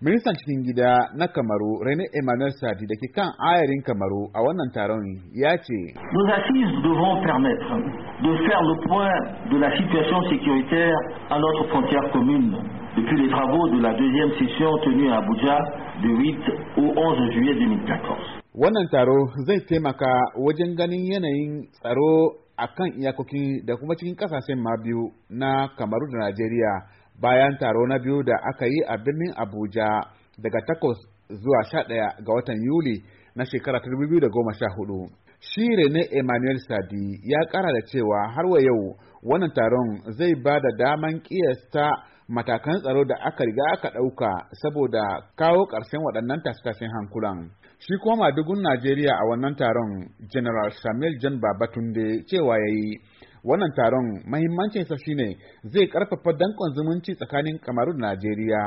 Ministan cikin gida na Kamaru René Emmanuel Sadi da ke kan ayarin Kamaru a wannan taron ya ce. Nos assises devront permettre de faire le point de la situation sécuritaire à notre frontière commune depuis les travaux de la deuxième session tenue à Abuja du 8 au 11 juillet 2014. Wannan taro zai taimaka wajen ganin yanayin tsaro a kan iyakoki da kuma cikin kasashen ma biyu na Kamaru da Najeriya. bayan taro na biyu da aka yi a birnin abuja daga takwas zuwa sha ɗaya ga watan yuli na shekara ta hudu. shi Rene Emmanuel Sadi ya kara da cewa har wa yau wannan taron zai ba da daman kiyasta matakan tsaro da aka riga aka ɗauka saboda kawo ƙarshen waɗannan tasirin hankulan. Shi kuma madugun Najeriya a wannan taron General Samuel John Babatunde cewa ya yi wannan taron mahimmancinsa shine zai karfafa dankon zumunci tsakanin kamaru da najeriya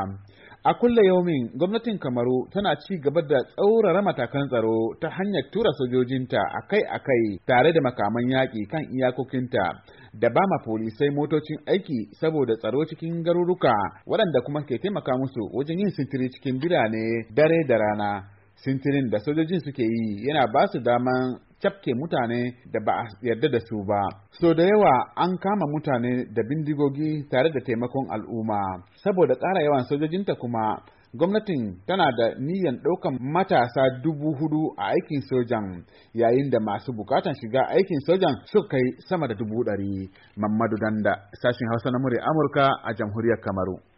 a kulle yaumin gwamnatin kamaru tana ci gaba da tsaurara matakan tsaro ta hanyar tura sojojinta akai-akai tare da makaman yaƙi kan iyakokinta da ba ma polisai motocin aiki saboda tsaro cikin garuruka waɗanda kuma ke taimaka musu wajen yin sintiri cikin birane dare da rana sintirin da sojojin suke yi yana ba su daman cafke mutane da ba a yarda da su ba. So da yawa an kama mutane da bindigogi tare da taimakon al'umma. Saboda ƙara yawan sojojinta kuma gwamnatin tana da niyan ɗaukan matasa dubu hudu a aikin sojan yayin da masu bukatan shiga aikin sojan suka kai sama da dubu ɗari. Mamadu Danda, sashin Hausa na Amurka a jamhuriyar Kamaru.